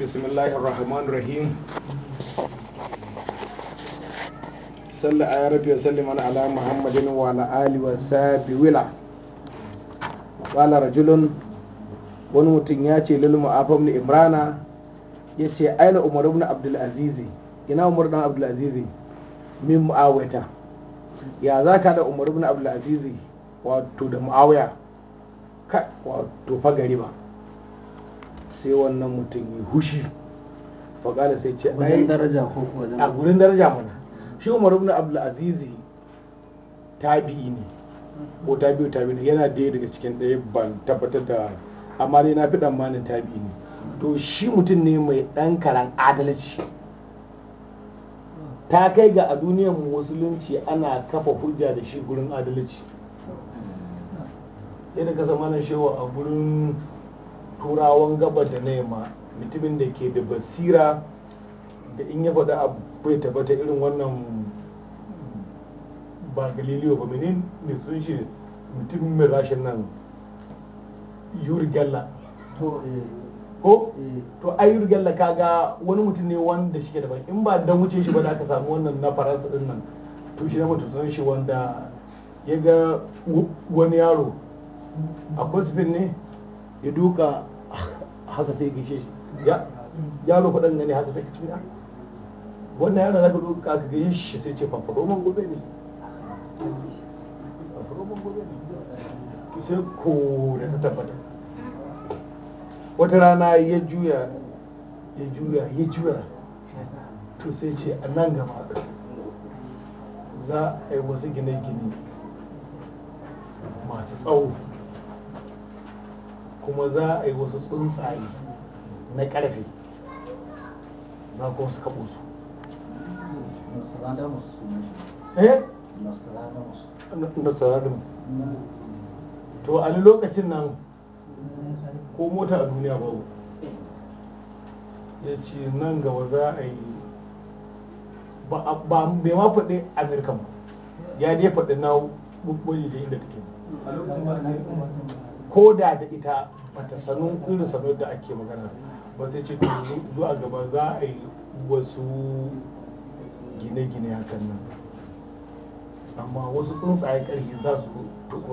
بسم الله الرحمن الرحيم صلى يا رب وسلم على محمد وعلى آله وصحبه ولا قال رجل wani mutum ya ce lil mu'afam ni imrana ya ce aina umar ibn abdul azizi ina umar dan abdul azizi min mu'awata ya za ka da umar ibn abdul azizi wato da mu'awiya wato fa gari ba sai wannan mutum ya hushi faƙala sai ce wajen daraja ko wajen a gurin daraja mana shi umar ibn abdul azizi tabi'i ne ko tabi'u ne yana daya daga cikin ɗaya ban tabbatar da amma dai na fi ta tabi'i ne to shi mutum ne mai ɗan karan adalci ta kai ga a duniyar musulunci ana kafa hujja da shi gurin adalci yadda ka zama na shewa a gurin turawan gaba da na mutumin da ke da basira da in ya faɗa abu bai tabbata irin wannan ba galileo ba menin ne sun shi mutumin mai rashin nan yuri galla eh. ko eh. to ai yuri galla kaga wani mutum ne wanda shi ke daban in ba dan wuce shi ba da aka samu wannan na faransa din nan to shi na mutum shi wanda ya ga wani yaro a kwasfin ne ya duka haka sai gishe shi ya yaro faɗan ne haka sai ka wannan yaron zaka zo ka gishe shi sai ce fafaro man gobe ne fafaro man gobe ne sai ko da ta tabbata wata rana ya juya ya juya ya juya to sai ce a nan gaba za a yi wasu gine-gine masu tsawo kuma za a yi wasu tsuntsaye na karfe za kuma su kaɓo su eh? to a lokacin nan ko mota a duniya ba ya ce nan gaba za a yi ba bai ma faɗi amurka ba ya dai faɗi na ɓuɓɓuri da inda take ko da da ita bata sanu da sanar da ake magana ba sai ce zuwa gaba za a yi wasu gine-gine hakan nan amma wasu tsuntsaye karfi za su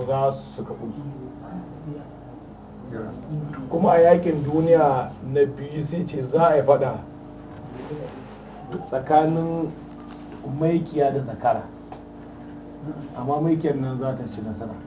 za su kaɓo su kuma a yakin duniya na biyu sai ce za a yi faɗa tsakanin maikiya da zakara amma maikiyar nan za ta ci nasara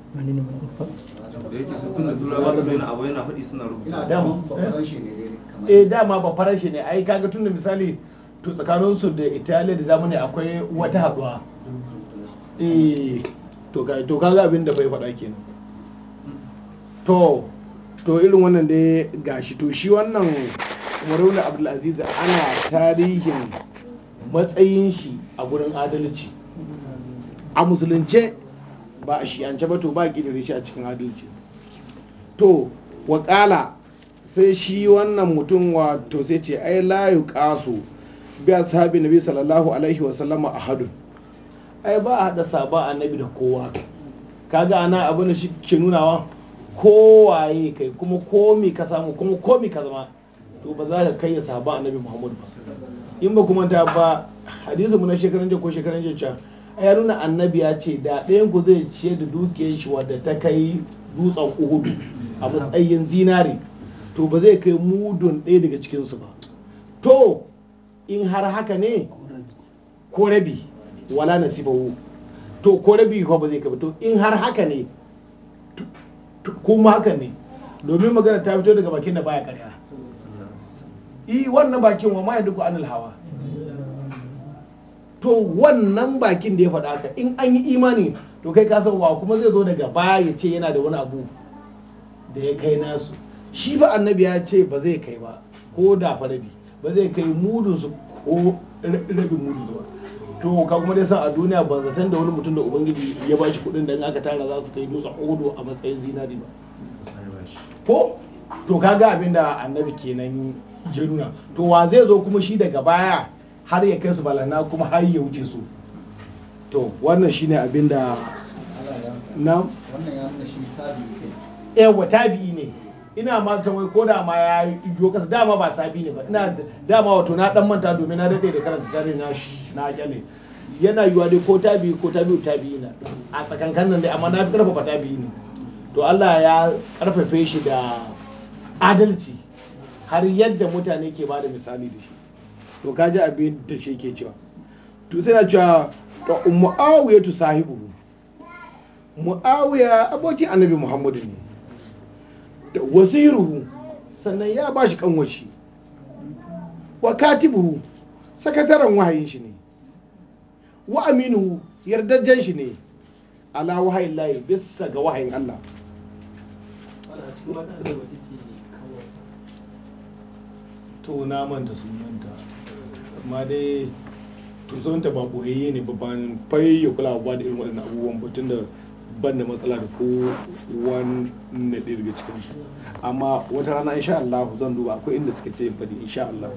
wani ne mai dama ba farashe eh, ne ai kaga tun da misali to tsakanin su da italiya da zamani akwai wata haduwa. eh to ga to kaga abin da bai faɗa kenan to to irin wannan dai gashi to shi wannan Murauna Abdulaziz ana tarihin matsayin shi a gurin adalci a musulunce ba a shi'ance ba to ba ƙidire shi a cikin adalci to waƙala sai shi wannan mutum wato sai ce ai layu ƙasu bi na nabi sallallahu alaihi wa sallama hadu. ai ba a haɗa saba a nabi da kowa kaga ana abin da shi ke nunawa kowaye kai kuma komi ka samu kuma komi ka zama to ba za ka kai ya saba a nabi muhammadu ba in ba kuma ta ba hadisi mu na shekaran jiya ko shekaran jiya ya nuna annabi ya ce da ɗayan ku zai ciye da dukiyar shi wadda ta kai dutsen uhudu a matsayin zinare to ba zai kai mudun ɗaya daga cikinsu ba to in har haka ne ko rabi wala nasibahu to ko rabi ko ba zai kai ba to in har haka ne kuma haka ne domin magana ta fito daga bakin da baya karya i wannan bakin wa ma ya duku anil hawa to wannan bakin da ya faɗa ka in an yi imani to kai ka san wa kuma zai zo daga baya ya ce yana da wani abu da ya kai nasu shi ba annabi ya ce ba zai kai ba ko da fa rabi ba zai kai mudun su ko rabin mudun ba to ka kuma dai san a duniya ban zaton da wani mutum da ubangiji ya ba shi kuɗin da in aka tara za su kai dutse odo a matsayin zinari ba ko to kaga abinda annabi kenan ya nuna to wa zai zo kuma shi daga baya har ya kai su balana kuma har ya wuce su to wannan shine abin da na wannan ya nuna shi tabi'i wa tabi'i ne ina ma wai ko da ma ya yi kasa dama ba sabi ne ba ina dama wato na dan manta domin na dade da karanta tare na na kyale yana yiwa dai ko tabi ko tabi tabi na a tsakankan nan dai amma na fi karfafa tabi ne to Allah ya karfafe shi da adalci har yadda mutane ke bada misali da shi to ka ji abin da shi ke cewa to sai na cewa to muawiya tu sahibu muawiya abokin annabi muhammadu ne da wasiruhu sannan ya ba shi kanwashi wa katibuhu sakataren wahayin shi ne wa aminuhu yardajjen shi ne ala wahayin layi bisa ga wahayin Allah to na manta sunanta amma dai turzonta ba boyayye ne ba ban fai ya kula ba da irin waɗannan abubuwan ba tun da ban da matsala da ko wani ɗaya daga cikin su amma wata rana insha Allah zan duba akwai inda suka ce fadi, insha Allah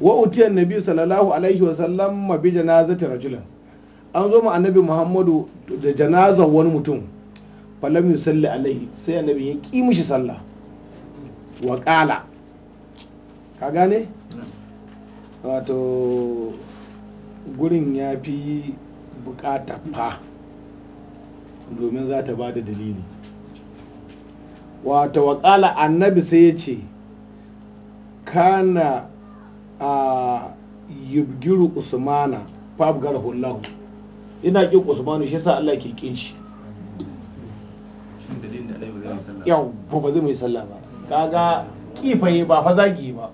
wa utiyan nabi sallallahu alaihi wa sallam bi janazati rajulan an zo mu annabi muhammadu da janazar wani mutum falam yusalli alaihi sai annabi ya ki mishi sallah wa qala ka gane wato gurin ya fi bukata fa domin za ta ba da dalili wato wakala annabi sai ya ce kana a yubgiru usmana fabgar hullahu ina ƙin usmanu shi sa Allah ke ƙin shi yau ko ba zai mai sallah ba kaga kifaye ba fa zagi ba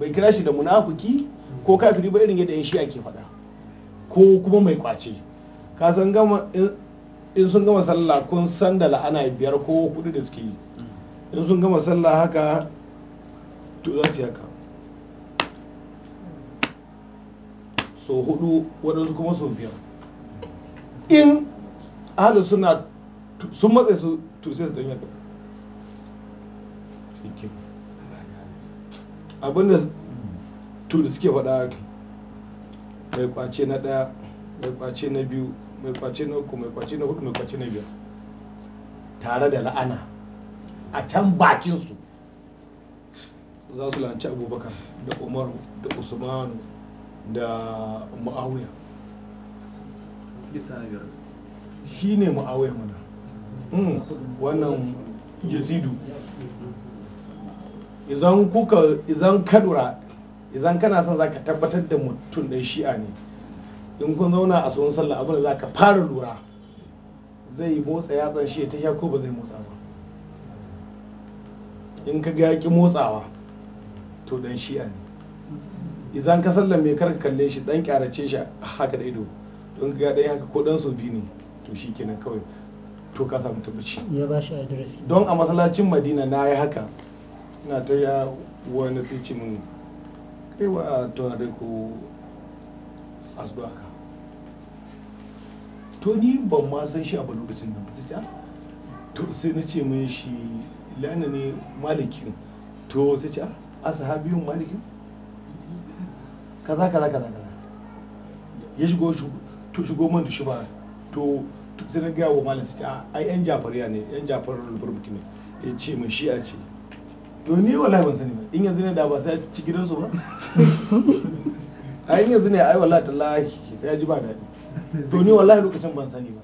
bai kira shi da munafuki ko kafiri ba irin yadda yan shi'a ke faɗa ko kuma mai kwace ka san gama in sun gama sallah kun san da la'ana biyar ko hudu da suke yi in sun gama sallah haka to za su haka so hudu waɗansu kuma sun biyar in ahalu suna sun matsa su to sai su don yaka abinda tu da suke faɗa mai kwace na ɗaya mai kwace na biyu mai kwace na uku mai kwace na hudu mai kwace na biyar tare da la'ana a can bakinsu za su lanci abubakar da umaru da usmanu da mu'awiya shi ne mu'awiya mana hmm, wannan yazidu idan kuka idan kadura idan kana son zaka tabbatar da mutum ɗan shi'a ne in kun zauna a tsohon sallah abin da ka fara lura zai motsa yatsan shi ta ko ba zai motsa ba in ka ga ki motsawa to dan shi'a ne idan ka sallame kar ka kalle shi dan kyarace shi haka da ido To in ka ga dai haka ko dan so biyu ne to shi kenan kawai to ka samu tabbaci ya ba shi adres don a masallacin madina na yi haka ina ta ya wani sai ci mun baiwa turare ko asbaka to ni ban ma san shi a ba lokacin nan ba to sai na ce mun shi lana ne malikin to sai ce a sahabiyun malikin kaza kaza kaza kaza ya shigo to shigo man shi ba to sai na gaya wa malin sai ce a ai yan jafariya ne yan jafar rubutu ne ya ce mun shi a ce Doni ni wallahi ban sani ba in yanzu ne da ba sai ci gidansu ba a in yanzu ne ai wallahi tallahi sai ya ji ba daɗi Doni ni wallahi lokacin ban sani ba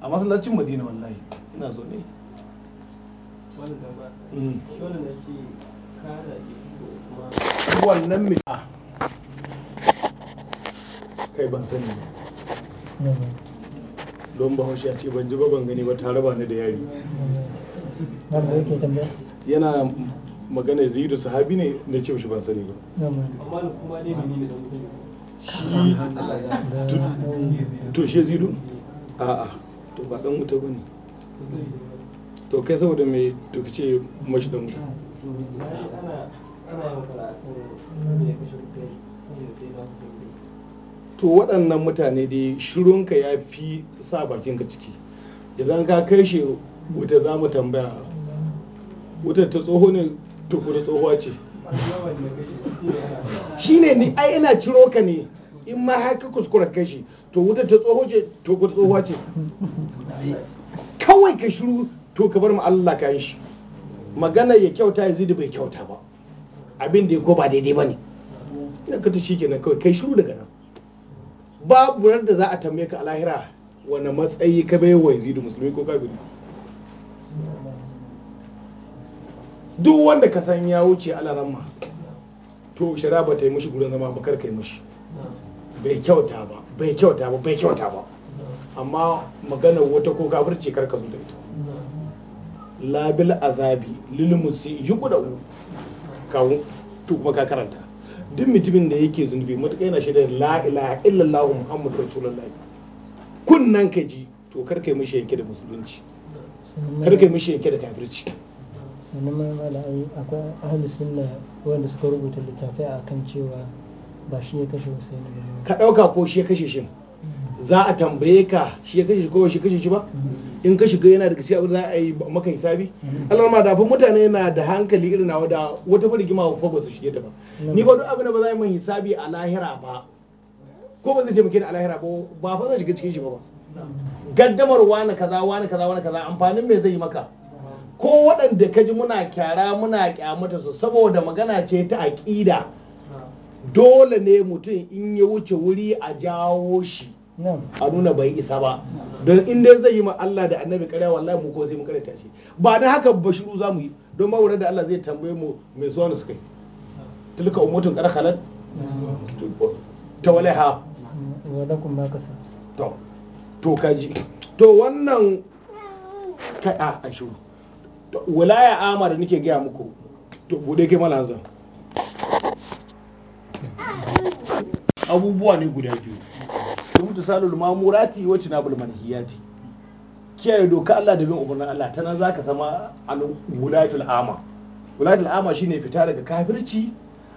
a masallacin madina wallahi ina so ne wannan mm. mai ah. kai ban sani ba mm. don bahaushe a ce ban ji ba ban gani ba tare ba ni da yari wanda yake tambaya yana magana zai sahabi ne na ce shi ban sani ba kuma ne ne shi to shi zidu a'a to ba dan wuta bane to kai saboda mai to kace mashi dan wuta to waɗannan mutane dai shirunka ya fi sa bakinka ciki idan ka kai shi wuta za mu tambaya wutar ta tsoho ne tukuri tsohuwa ce shi ne ni ai ina ciro ka ne in ma haka kuskura kashi to wutar ta tsoho ce tukuri tsohuwa ce kawai ka shiru to ka bar Allah ka shi magana ya kyauta ya zidi bai kyauta ba abin da ya ko ba daidai ba ne ina ka ta shi kenan kawai kai shiru daga nan babu da za a tambaye ka a lahira wani matsayi ka bai wa yanzu da musulmi ko kafiri duk wanda ka san ya wuce ramma to shari'a ba ta yi mushi gudun zama ba kai ka yi mishi bai kyauta ba bai kyauta ba bai kyauta ba amma magana wata ko kafirce kar ka zo da ita labil azabi lil musi yuqda ka to kuma ka karanta duk mutumin da yake zunubi matuƙa yana shaidar la ilaha illallah muhammadu rasulullahi kunnan ka ji to kar ka yi mishi yanke da musulunci kar ka yi mishi yanke da kafirci sannan ma malam akwai ahli sunna wanda suka rubuta littafi a kan cewa ba shi ya kashe Husaini ba ka dauka ko shi ya kashe shi za a tambaye ka shi ya kashe shi ko ba shi kashe shi ba in ka shiga yana daga cikin abin za a yi maka hisabi Allah ma da fa mutane na da hankali irin nawa da wata firgima ko ba su shige ta ba ni ba duk abin da ba za a yi min hisabi a lahira ba ko ba zai taimake ni a lahira ba ba fa zan shiga cikin shi ba ba gaddamar wani kaza wani kaza wani kaza amfanin me zai yi maka ko waɗanda ka ji muna kyara muna kyamata su saboda magana ce ta aƙida dole ne mutum in ya wuce wuri a jawo shi a nuna bai isa ba don inda zai yi ma Allah da annabi karya wallahi mu ko sai mu karanta shi ba da haka bashiru za mu yi don ma'aurar da Allah zai tambaye mu mai zuwa suka yi tilka umutun kar halal ta wale ha to to kaji to wannan kai a shiru to wilaya ama da nake gaya muku to bude ke malazan abubuwa ne guda biyu sun salul mamurati wa tinabul manhiyati kiyaye doka Allah da bin umarnin Allah ta nan zaka sama al wulatul ama wulatul ama shine fita daga kafirci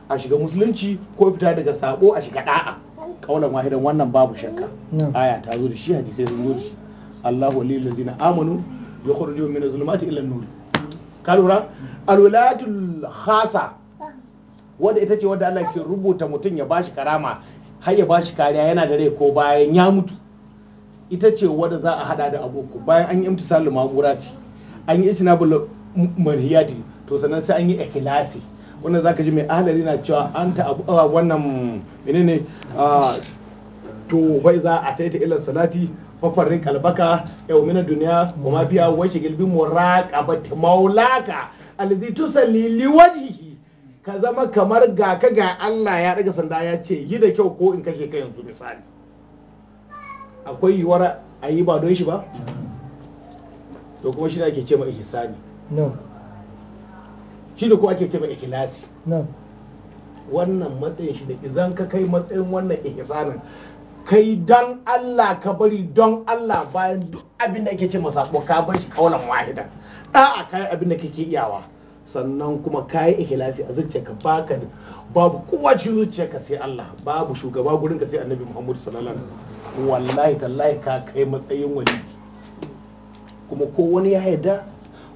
a shiga musulunci ko fita daga sabo a shiga da'a kaulan wahidan wannan babu shakka aya ta zo da shi hadisai sun zo da shi Allahu lil ladzina amanu yukhrijuhum min zulumati ila an-nur kalura lura mm. alwilayatul khasa ah. wadda ita ce wadda Allah ke rubuta mutum ya bashi karama har ya bashi kariya yana da rai ko bayan ya mutu ita ce wadda za a hada da aboko bayan an yi imtisalul mamurati an yi isnabul manhiyati to sanan sai an yi ikhlasi wannan zaka ji mai ahlali na cewa an ta abu ah, wannan menene ah, to bai za a taita ilan salati fafarin kalbaka yau na duniya wa ma biya wa shigil bi muraqabati maulaka alladhi tusalli li ka zama kamar ga ka ga Allah ya daga sanda ya ce yi da kyau ko in kashe ka yanzu misali akwai yiwuwar a yi ba don shi ba to kuma shi ne ake ce ma ihsani shi da kuma ake ce ma ikhlasi wannan matsayin shi da idan ka kai matsayin wannan ihsanin kai don Allah ka bari don Allah bayan duk abin da ke ce masako ka bar shi wahida wahidan da'a kai abin da kake iyawa sannan kuma yi ikhlasi a ka baka babu kowa cikin ka sai Allah babu shugaba gurin ka sai Annabi Muhammad sallallahu alaihi wasallam wallahi tallahi ka kai matsayin wani. kuma ko wani ya yarda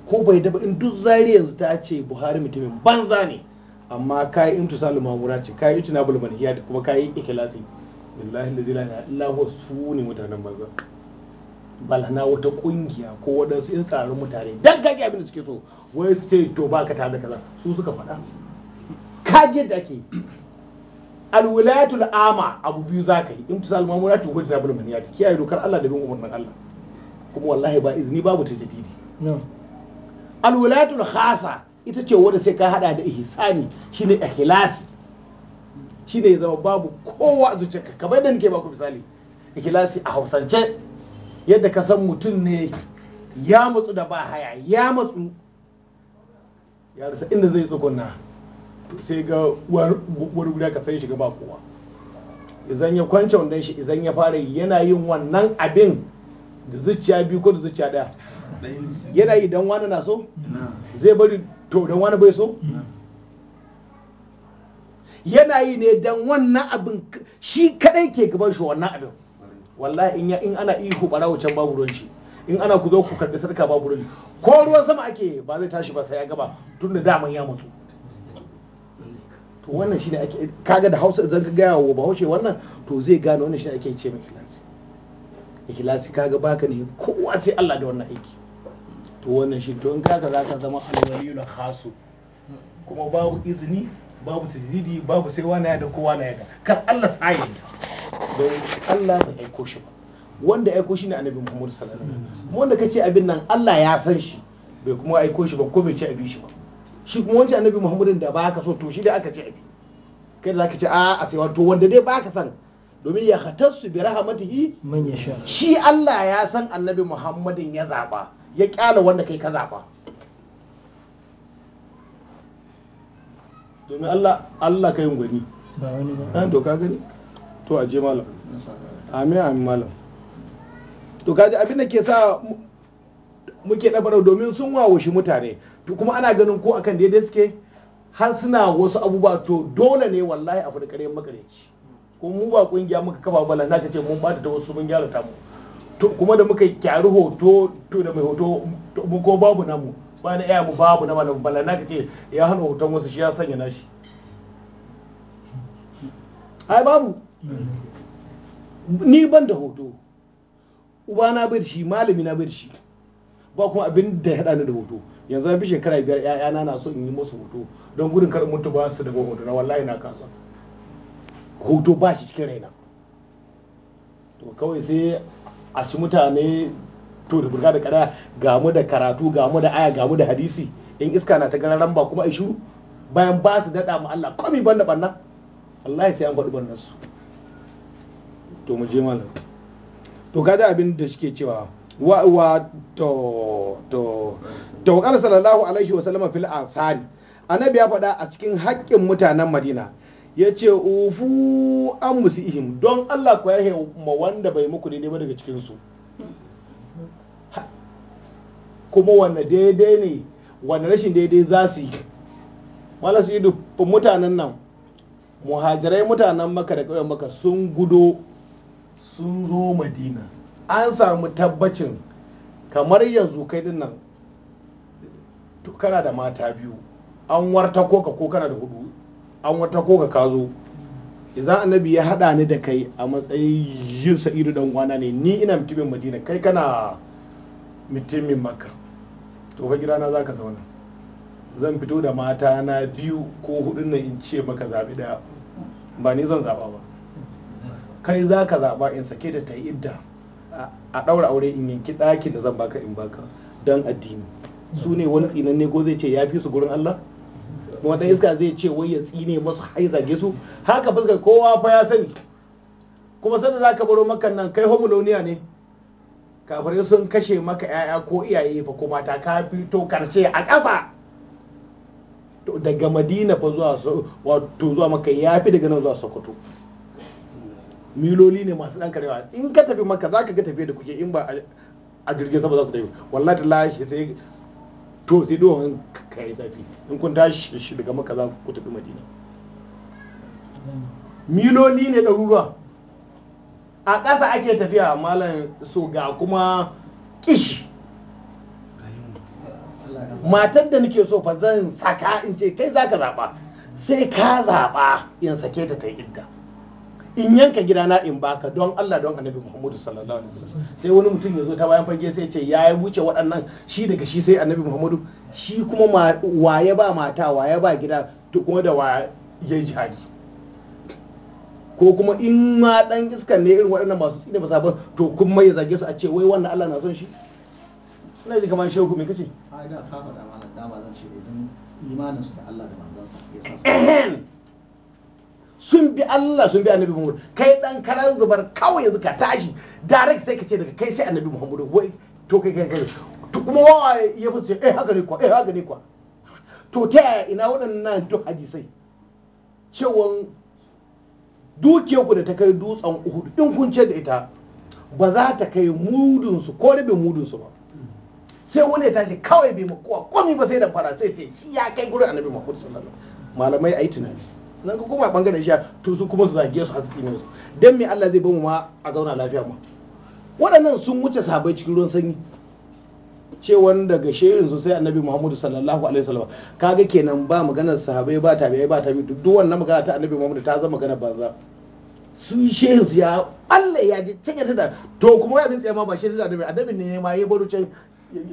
ko bai daba in duk zari yanzu ta ce Buhari mutumin banza ne amma kayi intisalul mamura ce kayi itinabul manhiya kuma kayi ikhlasi billahi da zila da illahu su ne mutanen banza balana wata kungiya ko waɗansu yin tsarin mutane daggage abin da suke so wai su ce to ba ka tare kaza su suka faɗa kaji yadda ake alwilayatul ama abu biyu za ka yi in tusa almamurati ko tusa bulmani ya kiyaye dokar Allah da bin umarnin Allah kuma wallahi ba izini babu ta jadidi alwilayatul khasa ita ce wanda sai ka hada da ihsani shine ikhlasi Shi ne ya zama babu kowa a zuciyarka kamar da nake baku misali ikilasi a hausance yadda ka san mutum ne ya matsu da ba haya ya matsu ya rasa inda zai tsokonna to sai ga wani guda ka san shiga ba kowa idan ya kwance wannan shi idan ya fara yana yin wannan abin da zuciya biyu ko da zuciya daya yana yi don wani na so zai bari to dan wani bai so yana yi ne don wannan abin shi kadai ke gaban shi wannan abin wallahi in ya in ana ihu barawo can babu ruwan shi in ana ku zo ku karbi sarka babu ruwan ko ruwan sama ake ba zai tashi ba sai ya gaba tun da daman ya mutu to wannan shine ake kaga da Hausa idan ka gaya wa Bahaushe wannan to zai gane wannan shine ake ce mai ikhlasi ikhlasi kaga baka ne kowa sai Allah da wannan aiki to wannan shi to in kaga zaka zama alwaliyul khasu kuma babu izini babu tajiridi babu sai wani yada ko kowa na ya kan Allah tsaye don Allah bai aiko shi ba wanda aiko shi ne annabi Muhammad sallallahu alaihi wasallam wanda kace abin nan Allah ya san shi bai kuma aiko shi ba ko bai ci abin shi ba shi kuma wancan annabi Muhammadin da ba ka so to shi da aka ci abi kai da ka ce a a sai wato wanda dai ba ka san domin ya hatassu bi rahmatihi man yasha shi Allah ya san annabi Muhammadin ya zaba ya kyala wanda kai ka zaba domin Allah Allah kai gwani ba wani ba eh, to ka gani to aje malam amin amin malam to kaji abin da ke sa muke ɗabarau domin sun shi mutane to kuma ana ganin ko akan daidai suke har suna wasu abubuwa to dole ne wallahi a faɗi kare makareci ko mu ba kungiya muka kafa bala na ce mun bata ta wasu mun gyara ta mu kuma da muka kyaru hoto to da mai hoto mun ko babu namu ba na iya mu babu na malam bala na ce ya hana hoton wasu shi ya sanya nashi ai babu ni ban da hoto na bai da shi malami na bai da shi ba kuma abin da ya hada ni da hoto yanzu na fi shekara biyar ƴaƴana na so in yi musu hoto don gudun kar mutu ba su daga hoto na wallahi na kasa hoto ba shi cikin raina to kawai sai a ci mutane to da burga da kada ga mu da karatu ga mu da aya ga mu da hadisi in iska na ta gararan ramba kuma a shiru bayan ba su dada mu Allah komai banda banna Allah sai an faɗi bannan su to mu je malam to ga da abin da suke cewa wa wa to to to kana sallallahu alaihi wa sallama fil ansari annabi ya faɗa a cikin haƙƙin mutanen madina ya ce ufu an ihim don allah ku yahe ma wanda bai muku daidai ba daga cikinsu kuma wanne daidai ne wanne rashin daidai za su yi malam su yi mutanen nan muhajirai mutanen maka da ƙauyen maka sun gudo sun zo madina an samu tabbacin kamar yanzu kai din nan kana da mata biyu an warta koka ko kana da hudu an warta koka ka zo idan annabi ya hada ni da kai a matsayin yin sa'idu dan uwana ne ni ina mutumin madina kai kana mutumin makar to fa gidana za ka zauna zan fito da mata na biyu ko hudun nan in ce maka zaɓi ɗaya ba ni zan zaɓa ba kai za ka zaɓa in sake da ta idda a ɗaura aure in yanki ɗakin da zan baka in baka don addini su ne wani ne ko zai ce ya fi su gurin Allah wata iska zai ce wai ya tsine masu hai zage su haka fuskar kowa fa ya sani kuma sanda za ka baro makan nan kai homoloniya ne kafirai sun kashe maka 'ya'ya ko iyaye fa ko mata ka fito karshe a ƙafa daga madina fa zuwa wato zuwa maka ya fi daga nan zuwa sokoto miloli ne masu ɗan karewa in ka tafi maka za ka ga tafiye da kuke in ba a jirgin sama za ku tafi wallahi ta lashe sai to sai duwan ka yi zafi in kun tashi daga maka za ku tafi madina miloli ne ɗaruruwa a ƙasa ake tafiya a malam so ga kuma kishi matar da nake so fa zan saka in ce kai za ka zaɓa sai ka zaɓa in sake ta ta idda in yanka gida na in baka don Allah don annabi Muhammadu sallallahu alaihi wasallam sai wani mutum ya zo ta bayan fage sai ce ya yi wuce waɗannan shi daga shi sai annabi Muhammadu shi kuma waye ba mata waye ba gida to kuma da waye jihadi ko kuma in ma dan iska ne irin waɗannan masu tsine ba sabon to kun mai zage su a ce wai wannan Allah na son shi ina ji kamar shehu mai kace a da ka faɗa malam da ba zan ce idan imanin su da Allah da manzansa ya sa sun bi Allah sun bi annabi Muhammad kai dan karar zubar kawai yanzu ka tashi direct sai ka ce daga kai sai annabi Muhammad wai to kai kai kai to kuma wa ya fi ce eh haka ne kwa eh haka ne kwa to ta yaya ina waɗannan duk hadisai cewon dukiyarku da ta kai dutsen uhudu in kun ce da ita ba za ta kai mudunsu ko rabin mudunsu ba sai wani ya tashi kawai bai makuwa komi ba sai da fara sai ce shi ya kai gurin annabi muhammad sallallahu malamai ayi tunani nan ka koma bangaren shi to su kuma su zage su su ne su dan me Allah zai mu ma a zauna lafiya ma waɗannan sun wuce sahabbai cikin ruwan sanyi ce wanda daga shehin su sai annabi muhammadu sallallahu alaihi wasallam kaga kenan ba maganar sahabai ba tabi'ai ba tabi'i duk wannan magana ta annabi muhammadu ta zama magana banza su shehin su ya Allah ya ji can yarda da to kuma ya tsaye ma ba shehin da annabi annabi ne ma ya baro can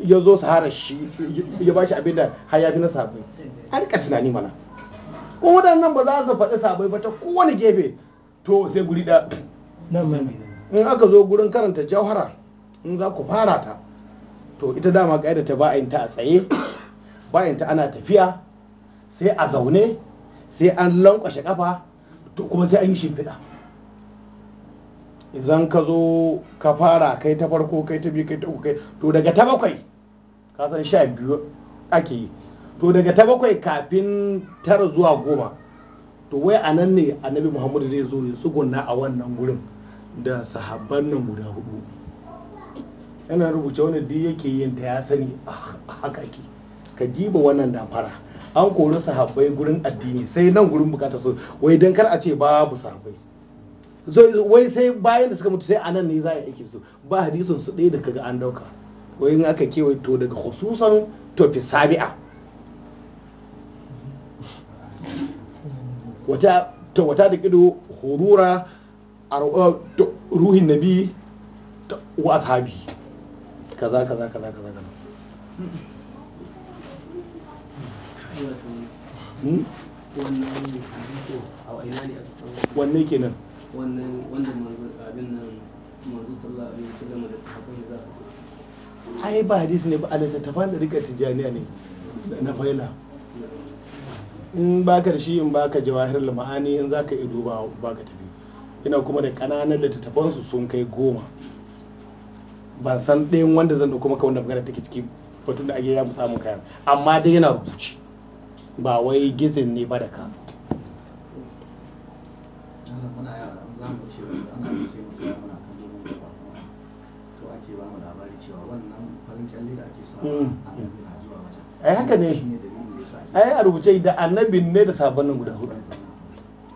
ya zo sahara shi ya bashi abin da hayafi na sahabai har ka tunani mana ko waɗannan ba za su faɗi sahabai ba ta kowane gefe to sai guri da in aka zo gurin karanta jauhara in za ku fara ta to ita dama ƙa'ida ta ba'in ta a tsaye ba'in ta ana tafiya sai a zaune sai an lankwashe kafa to kuma sai an yi shimfiɗa idan ka zo ka fara kai ta farko kai ta biyu kai ta uku kai to daga ta bakwai ka san sha biyu ake yi to daga ta bakwai kafin tara zuwa goma to wai a nan ne annabi muhammadu zai zo ya tsugunna a wannan gurin da sahabban nan guda hudu yana rubuce wani duk yake yin ta ya sani a ah, ah, haka ake ka diba wannan damfara an kori sahabbai gurin addini sai nan gurin bukata so wai dan kar a ce babu sahabbai wai sai bayan da suka mutu sai anan ne za a yi su ba hadisin su ɗaya daga ga an dauka wai in aka kewaye to daga hususan to fi sabi'a wata wata da kido horura ruhin nabi wa ashabi kaza kaza kaza kaza kaza hmm? wannan kenan wannan wanda manzo abin nan manzo sallallahu alaihi wasallam da sahabbai za su ai ba hadisi ne ba a littattafan da rika tijaniya ne na faila in baka da shi in baka jawahir ma'ani in zaka ido ba baka tafi ina kuma da kananan littattafan su sun kai goma ban san ɗayan wanda zan ɗauko maka wanda magana take ciki batun da ake ya mu kayan amma dai yana rubuci ba wai gizin ne ba da ka ai haka ne ai a rubuce da annabin ne da sabon guda hudu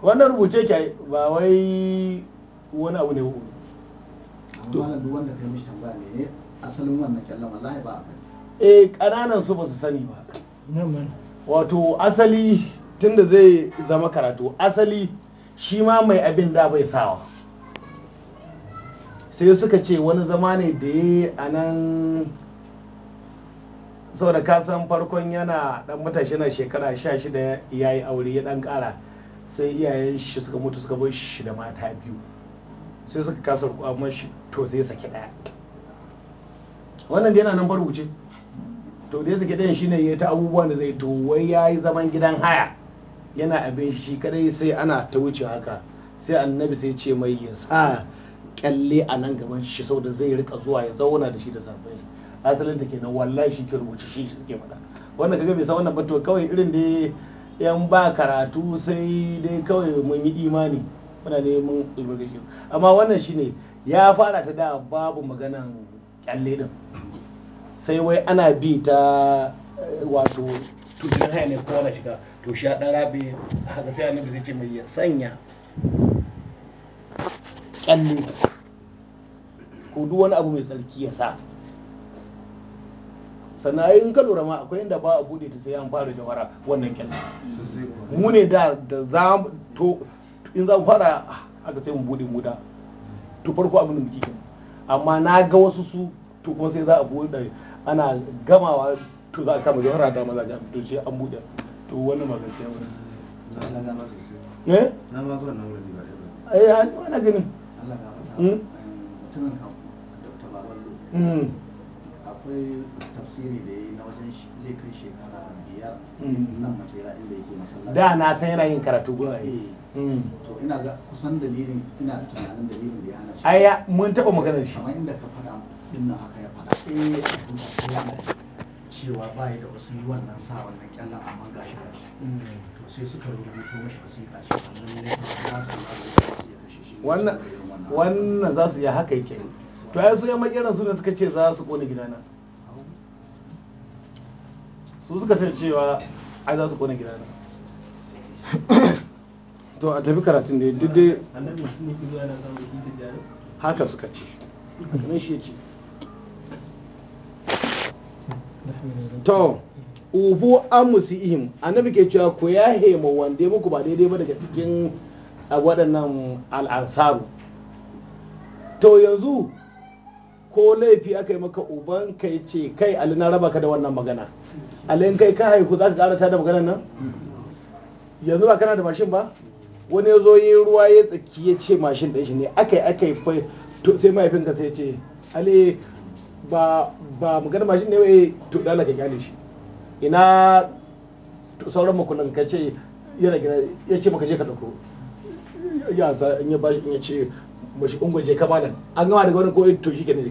wannan rubuce ke ba wai wani abu ne to eh ƙananan su ba su sani ba wato asali tunda zai zama karatu asali shi ma mai abin da bai sawa sai suka ce wani zama ne da ya a nan saboda kasan farkon yana dan matashi na shekara 16 shida ya yi aure ya dan kara sai iyayen shi suka mutu suka bar shi da mata biyu sai suka kasa ruwa mashi to zai saki daya wannan da yana nan wuce to da ya saki ɗayan shine ya ta abubuwan da zai to wai ya yi zaman gidan haya yana abin shi kadai sai ana ta wuce haka sai annabi sai ce mai ya sa kyalle a nan gaban shi sau da zai rika zuwa ya zauna da shi da safin shi asalin da kenan wallahi shi ke rubuce shi shi suke faɗa wannan kaga bai san wannan ba to kawai irin da yan ba karatu sai dai kawai mun yi imani muna neman immigration amma wannan shine ya fara ta da babu maganan kyalle din sai wai ana bi ta eh, wato tutun haya ne kowa na shiga to shi ya dan rabe haka sai annabi zai ce mai ya sanya kyalle ko duk wani abu mai tsarki ya sa sannan in ka lura ma akwai inda ba a bude ta sai an fara jawara wannan kyalle mu ne da da za to in za mu fara ah, aka sai mu bude muda to farko abin da muke kenan amma na ga wasu su to kuma sai za a bude ana gamawa to za a kama da zuwa da maza ja to sai an bude to wannan ba gaskiya ba eh na ma zuwa na wuri ba eh ana ganin Allah ka tunan ka da tabaran da yi na wajen zai kai shekara biyar hmm. san yana yin karatu gura eh. hmm. to aya mun taɓa maganar shi kamar inda ka faɗa haka ya da wannan shi to sai suka wannan za su yi wannan wannan za su yi haka yake to ai su yi makiran su ne suka ce za su kone gidana su suka ce cewa ai za su kone gida na to a tafi karatun da duk dai haka suka ce haka shi ce to ubu a annabi ke cewa ku ya hema wanda muku ba daidai ba daga cikin waɗannan al'ansaru to yanzu ko laifi aka yi maka uban kai ce kai alina na raba ka da wannan magana alayin kai ka haihu za ka ta da maganar nan yanzu ba kana da mashin ba wani ya zo yi ruwa ya tsaki ya ce mashin ɗin shi ne aka yi aka yi sai mahaifinka sai ce ale ba ba maganar mashin ne wai to da ka kyale shi ina sauran makonan ka ce yana gina ya ce maka je ka ɗauko ya sa in ya bashi in ya ce mashi ungon je ka bana an gama daga wani ko eh, to shi ke ne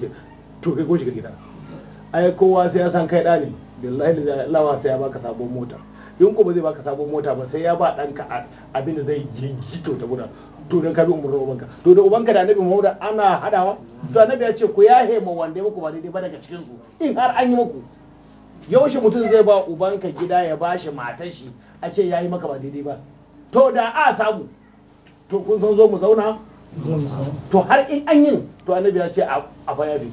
to kai ko shi gida ai kowa sai ya san kai ɗa ne billahi da lawa sai ya baka sabon mota in ko zai baka sabon mota ba sai ya ba ɗanka abin da zai jijjito ta guda to don ka bi umarnin ubanka to da ubanka da annabi Muhammad ana hadawa to annabi ya ce ku ya ma wanda ya muku ba daidai ba daga cikin in har an yi muku yaushe mutum zai ba ubanka gida ya ba shi matar shi a ce ya yi maka ba daidai ba to da a samu to kun san zo mu zauna to har in an yin to annabi ya ce a fayafi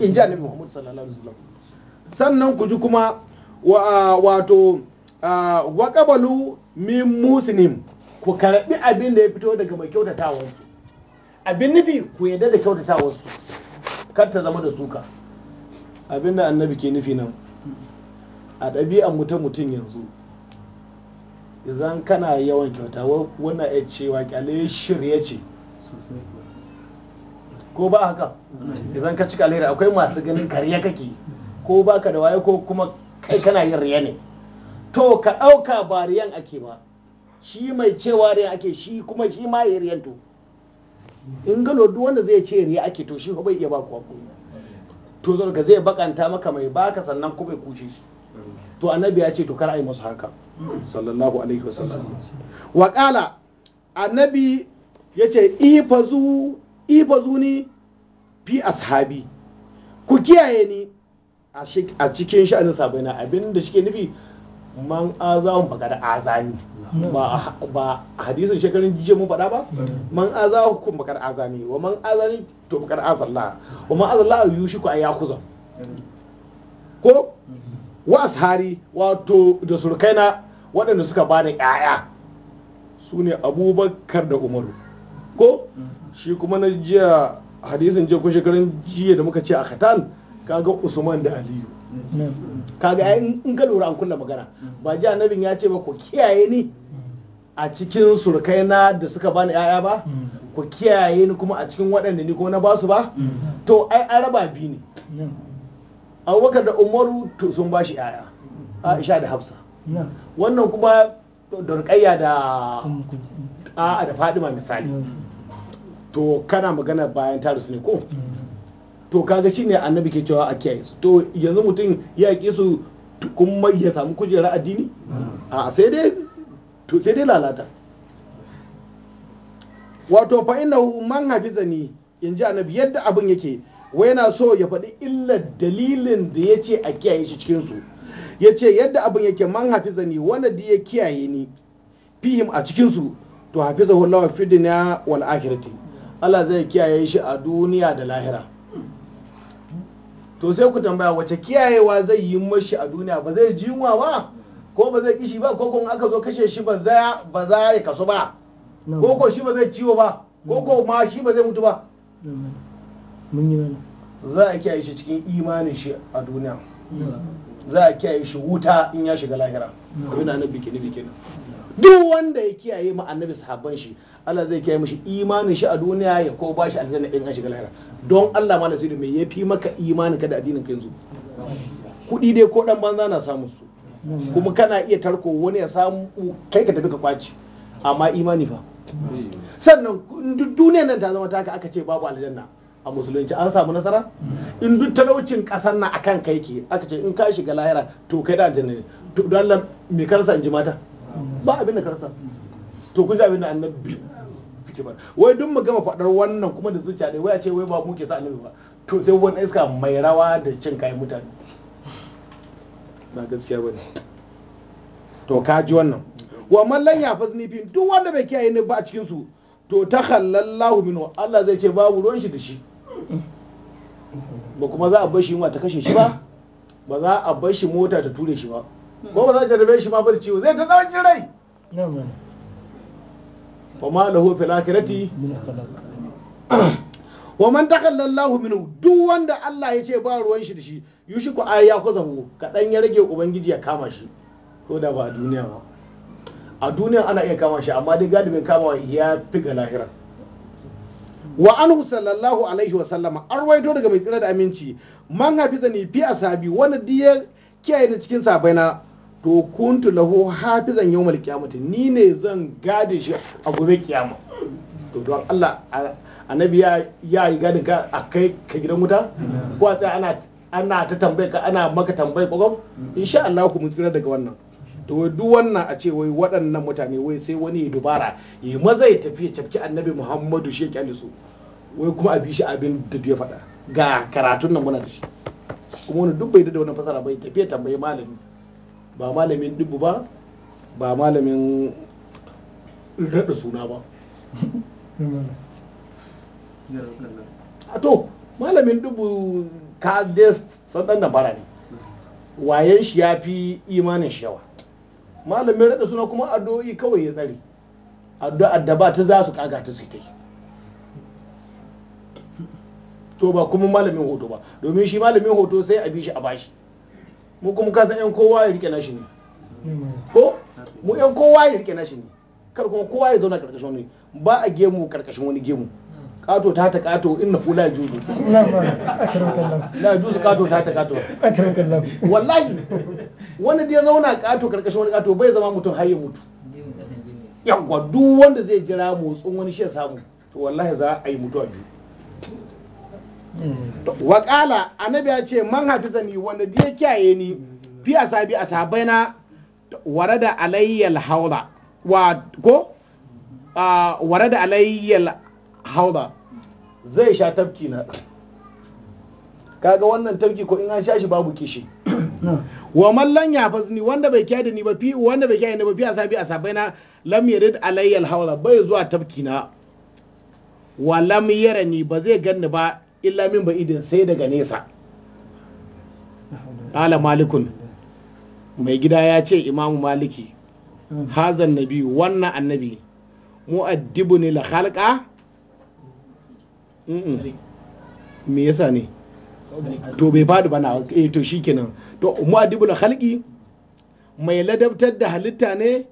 in ji annabi Muhammadu sallallahu alaihi wasallam sannan ku ji kuma wato wa min musulmin ku karɓi abin da ya fito daga mai kyautatawansu abin nufi ku yadda da kyautatawansu kar ta zama da suka abin da annabi ke nufi nan a ɗabi'an mutum mutum yanzu idan kana yawan kyauta wannan ya cewa ƙyale shirye ce ko ba haka idan ka ci kalera akwai masu ganin kariya kake ko baka da waye ko kuma kai kana yin riya ne to ka ɗauka ba riyan ake ba shi mai cewa riya ake shi kuma shi ma ya riyan to in ga duk wanda zai ce riya ake to shi bai iya ba kuwa to zo ka zai bakanta maka mai baka sannan kuma bai kushe shi to annabi ya ce to kar a yi musu haka sallallahu alaihi wasallam wa qala annabi yace ifazu ifazu ni fi ashabi ku kiyaye ni a cikin sha'anin sabai na abin da ke nufi man azawun faƙar azani ba a hadisun shekarun jiya mun faɗa ba man azawa hukum faƙar azani wa man azani to faƙar azalla wa man azalla a shi ku a yakuza ko wa ashari wato da surkaina waɗanda suka bani ƴaƴa su ne abubakar da umaru ko shi kuma na jiya hadisin jiya ko shekarun jiya da muka ce a khatan kaga usman da aliyu kaga in ka lura an kulle magana ba ji annabin ya ce ba ku kiyaye ni a cikin surkai na da suka bani yaya ba mm. ku kiyaye ni kuma a cikin waɗanda ni kuma na basu ba mm. to ai araba raba biyu ne abubakar da umaru to sun bashi yaya aisha da hafsa wannan kuma dorkayya da umm a da fadima misali mm. to kana magana bayan ta rasu ne ko to kaga shine annabi ke cewa a kiyaye su to yanzu mutum ya ƙi su kuma ya samu kujera addini a sai dai to sai dai lalata wato fa innahu man hafizani in ji annabi yadda abin yake wai yana so ya faɗi illar dalilin da ya ce a kiyaye shi cikin ya ce yadda abin yake man hafizani wanda da ya kiyaye ni fihim a cikinsu, su to hafizahu Allah fi dunya wal akhirati Allah zai kiyaye shi a duniya da lahira to sai ku tambaya wace kiyayewa zai yi mashi a duniya ba zai ji yunwa ba ko ba zai kishi ba ko kuma aka zo kashe shi ba za ba za ya kasu ba ko ko shi ba zai ciwo ba ko ko ma shi ba zai mutu ba za a kiyaye shi cikin imanin shi a duniya za a kiyaye shi wuta in ya shiga lahira yana nan bikini bikini duk wanda ya kiyaye ma annabi sahabban shi Allah zai kiyaye mishi imanin shi a duniya ya ko ba shi aljanna in ya shiga lahira don Allah ma nasiru mai ya fi maka imanin ka da addinin ka yanzu kuɗi dai ko ɗan banza na samun su kuma kana iya tarko wani ya samu kai ka tafi ka kwaci amma imani fa sannan duk duniyar nan ta zama taka aka ce babu aljanna a musulunci an samu nasara in duk talaucin ƙasar na akan kai ke aka ce in ka shiga lahira to kai da aljanna ne to don Allah me karsa in ji mata ba abin da karsa to kun ji abin da annabi kibar wai duk mu gama faɗar wannan kuma da zuciya dai wai a ce wai ba mu ke sa annabi ba to sai wani iska mai rawa da cin kai mutane na gaskiya ba ne to ka ji wannan wa mallan ya fazni fi duk wanda bai kiyaye ni ba a cikin su to ta khallallahu minhu Allah zai ce babu ruwan shi da shi ba kuma za a bar shi yunwa ta kashe shi ba ba za a bar shi mota ta ture shi ba ko ba za a jarabe shi ma bar ciwo zai ta tsawon rai wa lahu fil akhirati wa man Allahu minhu duk wanda Allah ya ce ba ruwan shi da shi yushi ku ya ku zango kadan ya rage ubangiji ya kama shi ko da ba a duniya ba a duniya ana iya kama shi amma dai galibin kama ya fi ga lahira wa anhu sallallahu alaihi wa sallama an daga mai tsira da aminci man hafizani fi asabi wanda diya kiyaye na cikin sabai na to kuntu laho hafizan yawmal qiyamati ni ne zan gade shi a gobe kiyama to don Allah annabi ya yi gadin ka a kai ka gidan wuta ko a ana ana ta tambaye ka ana maka tambaye ko insha Allah ku mun tsira daga wannan to duk wannan a ce wai waɗannan mutane wai sai wani ya dubara ya maza ya tafi ya cafki annabi Muhammadu shi ya su wai kuma a bi shi abin da ya faɗa ga karatun nan muna da shi kuma wani duk bai da wannan fasara bai ya tambaye malami ba malamin dubu ba ba malamin raɗa suna ba a to malamin dubu ka des sandan da bara ne wayan shi ya fi imanin shi yawa malamin raɗa suna kuma addu'o'i kawai ya tsari. addu'ar da ba ta za su kaga ta su ta to ba kuma malamin hoto ba domin shi malamin hoto sai a bi shi a bashi mu kuma ka san yan kowa ya rike nashi ne ko mu yan kowa ya rike nashi ne kar kuma kowa ya zauna karkashin wani ba a gemu karkashin wani gemu kato ta ta kato in na fula juzu na juzu kato ta ta kato wallahi wanda da ya zauna kato karkashin wani kato bai zama mutum har ya mutu yawwa duk wanda zai jira motsin wani shi ya samu to wallahi za a yi a biyu Waƙala qala annabi ya ce man ni wanda da ya kiyaye ni fi asabi asabai na ware da alayyal haula. wa ko ware da alayyal haula zai sha tafki na kaga wannan tafki ko in an sha shi babu kishi wa mallan ya fazni wanda bai kiyaye ni ba fi wanda bai kiyaye ni ba fi asabi asabai na lam yarid alayyal haula bai zuwa tafki na wa lam yarani ba zai ganni ba illa min ba'idin sai daga nesa ƙala malikun mai gida ya ce imamu maliki hazan nabi wannan annabi mu'addibu ne la halka me yasa ne to bai fadi bana eh to shikenan to mu'addibu la halki mai ladabtar da halitta ne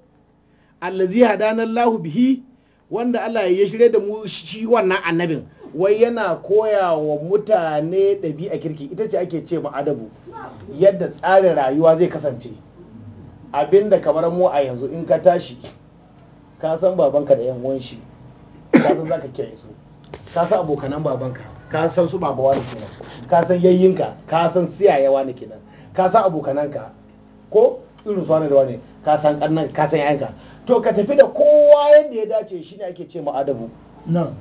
allazi hadana Allahu bihi wanda Allah ya shirya da mu shi wannan annabin wai yana koya wa mutane ɗabi'a kirki ita ce ake ce adabu yadda tsarin rayuwa zai kasance abinda kamar mu a yanzu in ka tashi ka san babanka da yan wanshi, ka san zaka kiyaye su ka san abokanan babanka ka san su babawa ne kenan ka san yayyinka ka san siyayewa ne kenan ka san abokananka ko irin su wani da wani ka san kannan ka san yayanka to ka tafi da kowa yadda ya dace shine ake ce adabu. na'am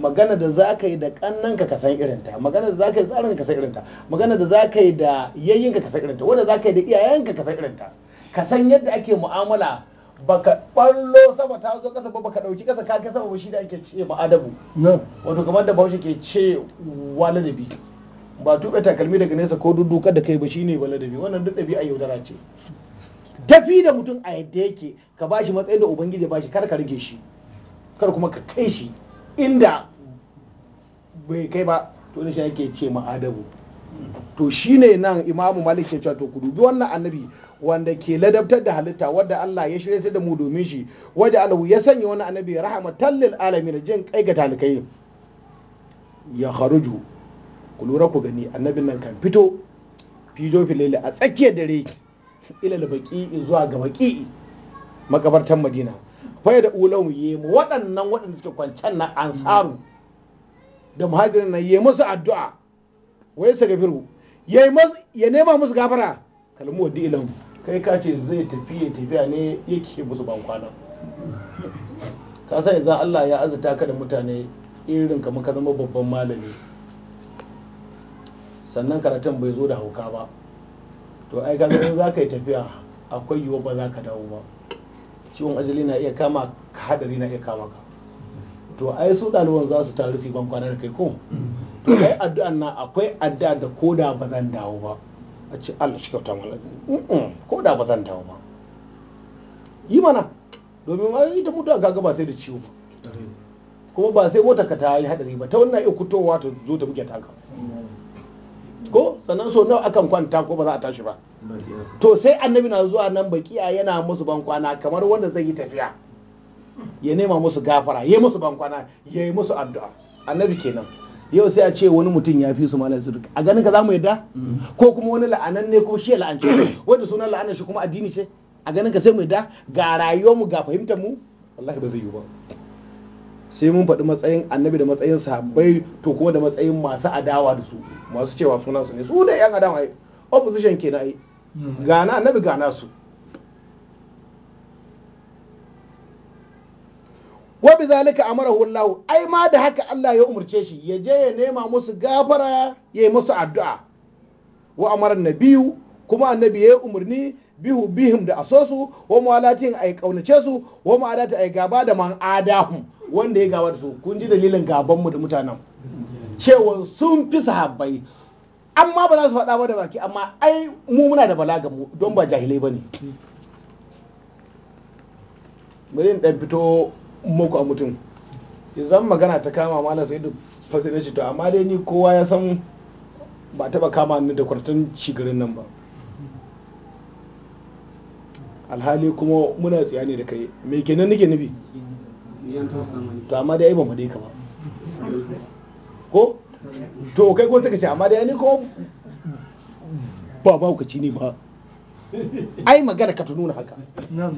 magana da za ka yi da kannanka ka san irinta magana da za ka yi da tsarinka ka san irinta magana da za ka yi da yayyinka ka san irinta wanda za ka yi da iyayenka ka san irinta ka san yadda ake mu'amala baka ɓallo sama ta zo ƙasa ba baka ɗauki ƙasa ka kasa sama ba shi da ake ce adabu wato kamar da bahaushe ke ce waladabi ba tube takalmi daga nesa ko dudduka da kai ba shine waladabi wannan duk a yaudara ce tafi da mutum a yadda yake ka bashi matsayin da ubangiji ya bashi kar ka rike shi kar kuma ka kai shi inda bai kai ba to ne shi ake ce ma'adabu to ne nan imamu malik ya cewa to ku dubi wannan annabi wanda ke ladabtar da halitta wadda Allah ya shirya da mu domin shi wadda Allah ya sanya wani annabi rahmatan lil alamin jin kai ga talikai ya kharuju ku lura ku gani annabin nan kan fito fijo filele a tsakiyar dare ila labaki zuwa ga baki makabartan madina fai da yi mu waɗannan waɗanda suke kwancan na ansaru da muhajirin nan yi musu addu'a wai sa gafiru ya nema musu gafara kalmu wadda ilan kai ka ce zai tafi ya tafiya ne yake musu ban kwana ka sai za Allah ya azata ka da mutane irin ka muka zama babban malami sannan karatun bai zo da hauka ba to ai ka zai za ka yi tafiya akwai yiwuwa ba za ka dawo ba ciwon ajali na iya kama ka hadari na iya kama ka to ai su ɗaliban za su taru su ban kwana da kai ko to ai addu'an na akwai addu'a da koda ba zan dawo ba a ce Allah shi kyauta mala koda ba zan dawo ba yi mana domin ma ita mutuwa gaga ba sai da ciwo ba kuma ba sai mota ka ta yi hadari ba ta wannan iya kutowa ta zo ta buge ta haka ko sannan so nawa akan kwanta ko ba za a tashi ba to sai annabi na zuwa nan bakiya yana musu ban kwana kamar wanda zai yi tafiya ya nema musu gafara ya musu ban kwana ya yi musu addu'a annabi kenan yau sai a ce wani mutum ya fi su malam sirri a ganin ka za mu yadda mm. ko kuma wani la'anan ne ko shi la'anci wanda sunan la'anan shi kuma addini ce a ganin ka sai mu yadda ga rayuwar mu ga fahimtar mu ka ba zai yi ba sai mun faɗi matsayin annabi da matsayin sahabbai to kuma da matsayin masu adawa da su masu cewa sunan su ne su da yan adawa ai opposition kenan ai mm. gana annabi gana su wa bi zalika amarahu Allah ai ma da haka Allah ya umurce shi ya je ya nema musu gafara ya yi musu addu'a wa amara nabiyu kuma annabi ya umurni bihu bihim da asosu wa mu'alatin ay kaunace su wa mu'alata ay gaba da man adahum wanda ya gawar da su kun ji dalilin gabanmu da mutanen cewa sun fi sahabbai amma ba za su faɗa ba da baki amma ai mu muna da balaga mu don ba jahilai ba ne mulin ɗan fito muku a mutum zan magana ta kama malam sai da to amma dai ni kowa ya san ba taɓa kama ni da kwartan shigarin nan ba alhali kuma muna tsiya ne da kai me kenan nake nufi to amma dai ba ban faɗe kama, ba ko to kai ko take ce amma dai ni ko ba ba ku ci ne ba ai magana ka ta nuna haka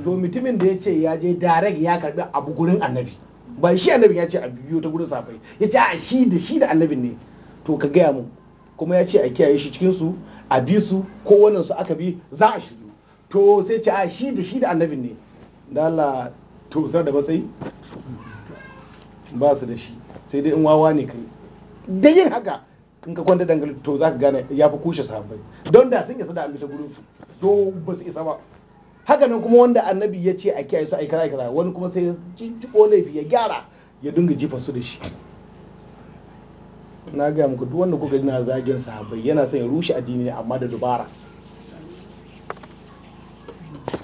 to mutumin da ya ce ya je direct ya karbi abu gurin annabi ba shi annabin ya ce a biyo ta gurin safai ya ce a shi da shi da annabin ne to ka gaya mun kuma ya ce a kiyaye shi cikin su a bi su ko wannan su aka bi za a shiru to sai ce a shi da shi da annabin ne da Allah to da ba sai ba su da shi sai dai in wawa ne kai da yin haka in ka kwanta dangal to za ka gane ya fi kushe sahabbai don da sun isa da an ta gurin su to ba su isa ba haka nan kuma wanda annabi ya ce a kiyaye su aikata aikata wani kuma sai ya cinciko laifi ya gyara ya dinga jifa su da shi na gaya muku duk wanda kuka na zagin sahabbai yana son ya rushe addini amma da dubara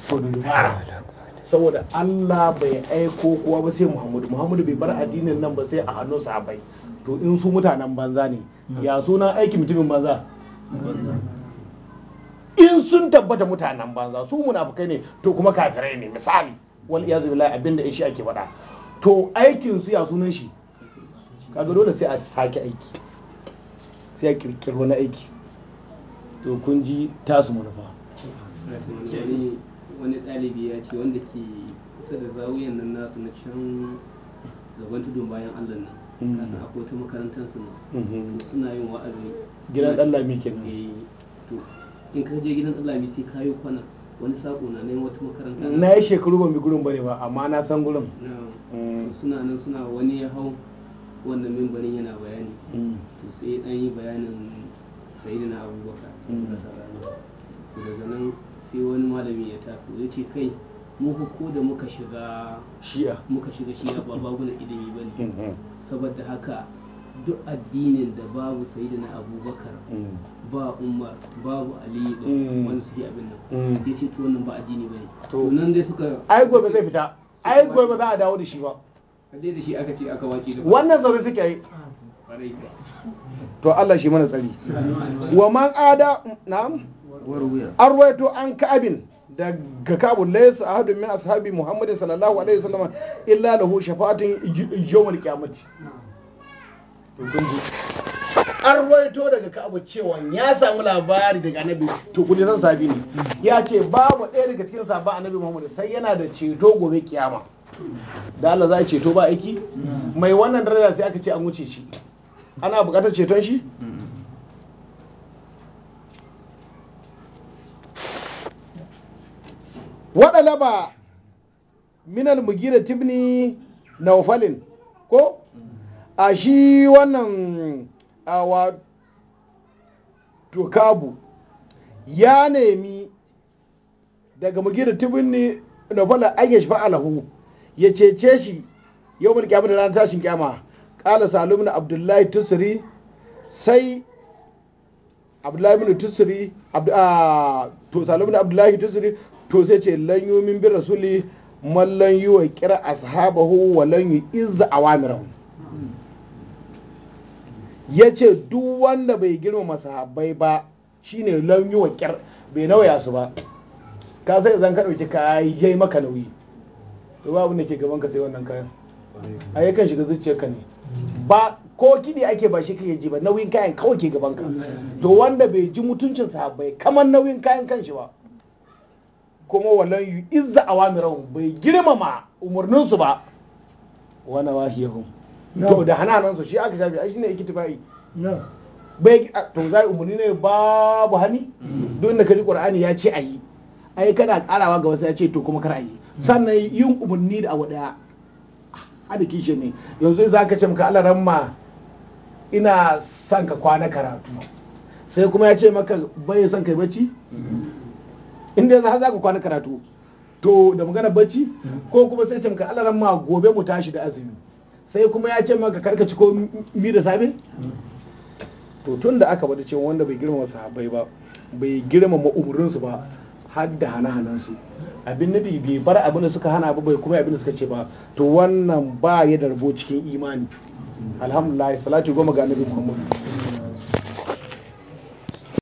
to da dubara saboda Allah bai aiko kowa ba sai Muhammadu Muhammadu bai bar addinin nan ba sai a hannun sahabbai to in su mutanen banza ne ya suna aiki mutumin banza in sun tabbata mutanen banza su munafukai ne to kuma kafirai ne misali wal iyazu billahi abinda in shi ake faɗa to aikin su ya sunan shi kaga dole sai a sake aiki sai a kirkiro na aiki to kun ji tasu manufa wani ɗalibi ya ce wanda ke kusa da zawuyan nan nasu na can gaban tudun bayan allah nan mm-hmm. kasan akwai wata makarantar su mm-hmm. suna yin wa'azi gidan ɗallami kenan eh, to in ka je gidan Lami sai kayo kwana wani sako na nan wata makaranta na yi shekaru ba mai gurin bane ba amma na san gurin mm. suna nan suna wani ya hau wannan mimbarin yana bayani mm. to sai dan yi bayanin sayidina abubakar mm. daga nan sai wani malami ya taso ya ce kai mu ko da muka shiga shiya muka shiga shiya ba bagunan ilimi ba ne mm-hmm. saboda haka duk addinin da babu na abubakar mm. ba umar babu ali da mm. wani suke abin nan mm. ya ce to wannan ba addini ba ne to nan dai suka ai gobe zai fita ai gobe za a dawo da shi ba kalle da shi aka ce aka wace da wannan zaune suke yi to Allah shi mana tsari wa man ada na'am an an ka'abin daga kabu laysa ahadun min ashabi muhammadin sallallahu alaihi wasallam illa lahu shafa'atun yawmal qiyamati an daga kabu cewa ya samu labari daga annabi to kudi san sabi ne ya ce babu ɗaya daga cikin sabon annabi muhammad sai yana da ceto gobe kiyama da Allah za a ceto ba aiki mai wannan daraja sai aka ce an wuce shi ana buƙatar ceton shi waɗalaba minal mugira tibni naufalin ko a shi wannan awa tukabu ya nemi daga mugira tibni naufalin ayyash fa'alahu ya cece shi yau mulki abin da ranar tashin kyama ƙala salim na abdullahi tusiri sai abdullahi bin tusiri to salim na abdullahi tusiri to sai ce lan min bi rasuli man lan wa kira ashabahu wa lan izza awamirahu ya ce duk wanda bai girmama sahabbai ba shine lan wa kir bai nauya su ba ka sai zan ka dauki kaya yayi maka nauyi to babu ne ke gaban ka sai wannan kayan a kan shiga zuciyarka ne ba ko kiɗi ake ba shi kake ji ba nauyin kayan kawai ke gaban ka to wanda bai ji mutuncin sahabbai kamar nauyin kayan kan shi ba kuma walan yu izza awamirahum bai girmama umarninsu ba wa nawahiyahum to da hananan su shi aka shafi ai shine ikitibai bai to zai umarni ne babu hani mm. don da kaji qur'ani ya ce ayi ai kana karawa ga wasu ya ce to kuma kar yi. Mm. sannan yin umarni da awa ɗaya. hada kishe ne yanzu za ka ce maka Allah ramma ina son ka kwana karatu sai kuma ya ce maka bai son kai bacci mm-hmm. inda za za ka kwana karatu to da magana bacci ko kuma sai ce maka Allah ran ma gobe mu tashi da azumi sai kuma ya ce maka karka ci ko mi da safe to tun da aka bada cewa wanda bai girmama sahabbai ba bai girmama umurinsu ba har da hana su abin nabi bai bar abin da suka hana ba bai kuma abin da suka ce ba to wannan ba ya darbo cikin imani alhamdulillah salatu goma ga annabi muhammad